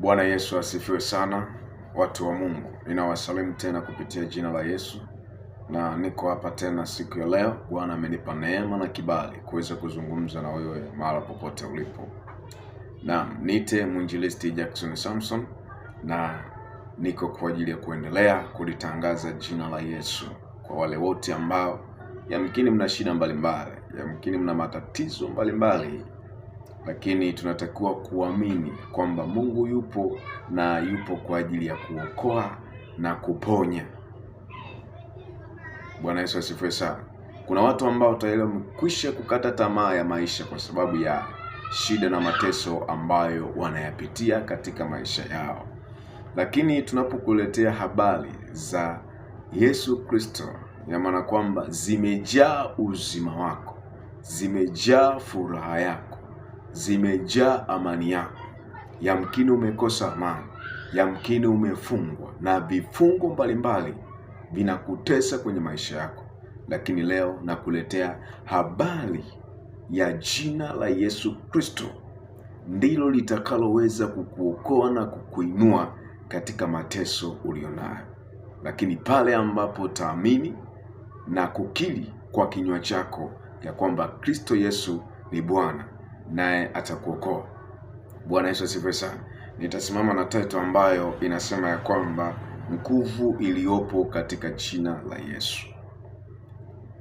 Bwana Yesu asifiwe sana, watu wa Mungu. Ninawasalimu tena kupitia jina la Yesu, na niko hapa tena siku ya leo. Bwana amenipa neema na kibali kuweza kuzungumza na wewe mahala popote ulipo. Naam, niite mwinjilisti Jackson Samson, na niko kwa ajili ya kuendelea kulitangaza jina la Yesu kwa wale wote ambao yamkini mna shida mbalimbali, yamkini mna matatizo mbalimbali mbali lakini tunatakiwa kuamini kwamba Mungu yupo na yupo kwa ajili ya kuokoa na kuponya. Bwana Yesu asifiwe sana. Kuna watu ambao tayari wamekwisha kukata tamaa ya maisha kwa sababu ya shida na mateso ambayo wanayapitia katika maisha yao, lakini tunapokuletea habari za Yesu Kristo, ina maana kwamba zimejaa uzima wako, zimejaa furaha yako zimejaa amani yako. Yamkini umekosa amani, yamkini umefungwa na vifungo mbalimbali vinakutesa kwenye maisha yako, lakini leo nakuletea habari ya jina la Yesu Kristo, ndilo litakaloweza kukuokoa na kukuinua katika mateso ulionayo. Lakini pale ambapo taamini na kukiri kwa kinywa chako ya kwamba Kristo Yesu ni Bwana naye atakuokoa. Bwana Yesu asifiwe sana. Nitasimama na title ambayo inasema ya kwamba nguvu iliyopo katika jina la Yesu,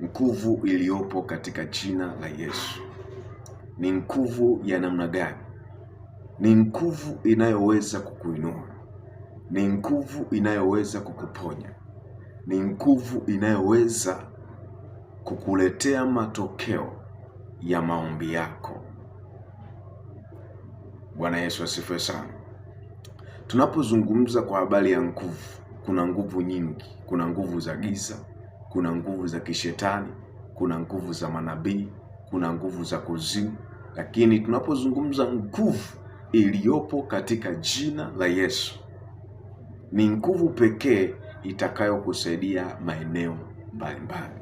nguvu iliyopo katika jina la Yesu. Ni nguvu ya namna gani? Ni nguvu inayoweza kukuinua, ni nguvu inayoweza kukuponya, ni nguvu inayoweza kukuletea matokeo ya maombi yako. Bwana Yesu asifiwe sana. Tunapozungumza kwa habari ya nguvu, kuna nguvu nyingi. Kuna nguvu za giza, kuna nguvu za kishetani, kuna nguvu za manabii, kuna nguvu za kuzimu, lakini tunapozungumza nguvu iliyopo katika jina la Yesu, ni nguvu pekee itakayokusaidia maeneo mbalimbali.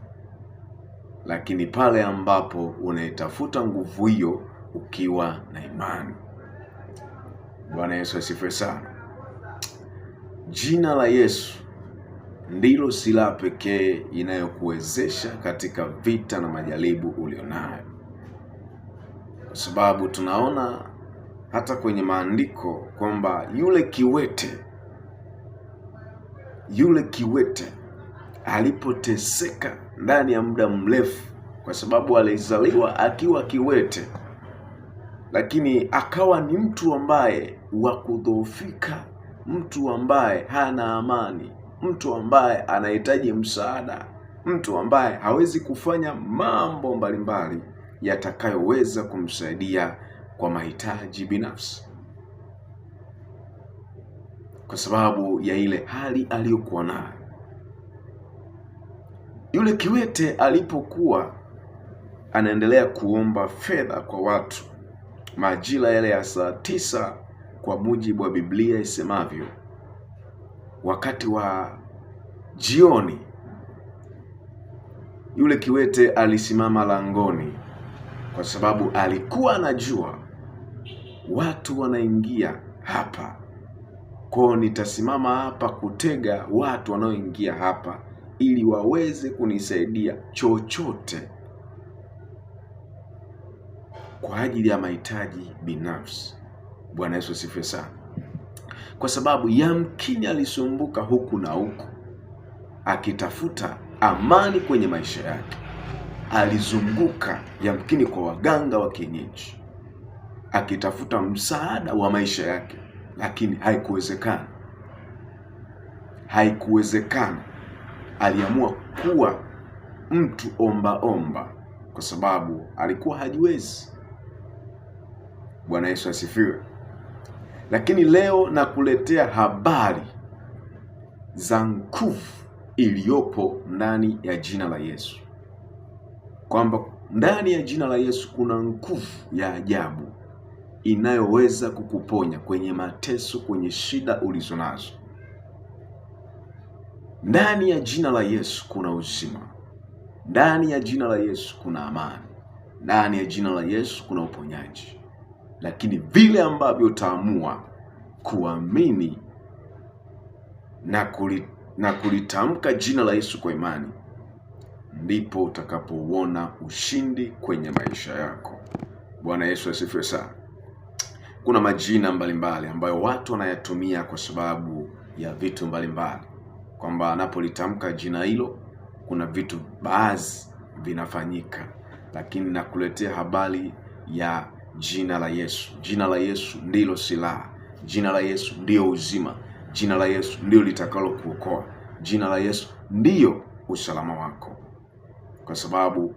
Lakini pale ambapo unaitafuta nguvu hiyo ukiwa na imani Bwana Yesu asifiwe sana. Jina la Yesu ndilo silaha pekee inayokuwezesha katika vita na majaribu ulionayo, kwa sababu tunaona hata kwenye maandiko kwamba yule kiwete yule kiwete alipoteseka ndani ya muda mrefu, kwa sababu alizaliwa akiwa kiwete lakini akawa ni mtu ambaye wa kudhoofika, mtu ambaye hana amani, mtu ambaye anahitaji msaada, mtu ambaye hawezi kufanya mambo mbalimbali yatakayoweza kumsaidia kwa mahitaji binafsi, kwa sababu ya ile hali aliyokuwa nayo. Yule kiwete alipokuwa anaendelea kuomba fedha kwa watu majira yale ya saa tisa kwa mujibu wa Biblia isemavyo, wakati wa jioni, yule kiwete alisimama langoni, kwa sababu alikuwa anajua watu wanaingia hapa kwao, nitasimama hapa kutega watu wanaoingia hapa ili waweze kunisaidia chochote kwa ajili ya mahitaji binafsi. Bwana Yesu asifiwe sana, kwa sababu yamkini alisumbuka huku na huku akitafuta amani kwenye maisha yake. Alizunguka yamkini kwa waganga wa kienyeji akitafuta msaada wa maisha yake, lakini haikuwezekana, haikuwezekana. Aliamua kuwa mtu omba omba kwa sababu alikuwa hajiwezi. Bwana Yesu asifiwe. Lakini leo nakuletea habari za nguvu iliyopo ndani ya jina la Yesu, kwamba ndani ya jina la Yesu kuna nguvu ya ajabu inayoweza kukuponya kwenye mateso, kwenye shida ulizonazo. Ndani ya jina la Yesu kuna uzima, ndani ya jina la Yesu kuna amani, ndani ya jina la Yesu kuna uponyaji lakini vile ambavyo utaamua kuamini na, kuli, na kulitamka jina la Yesu kwa imani ndipo utakapouona ushindi kwenye maisha yako. Bwana Yesu asifiwe sana. Kuna majina mbalimbali mbali ambayo watu wanayatumia kwa sababu ya vitu mbalimbali, kwamba anapolitamka jina hilo kuna vitu baadhi vinafanyika, lakini nakuletea habari ya Jina la Yesu, jina la Yesu ndilo silaha, jina la Yesu ndiyo uzima, jina la Yesu ndio litakalo kuokoa, jina la Yesu ndiyo usalama wako, kwa sababu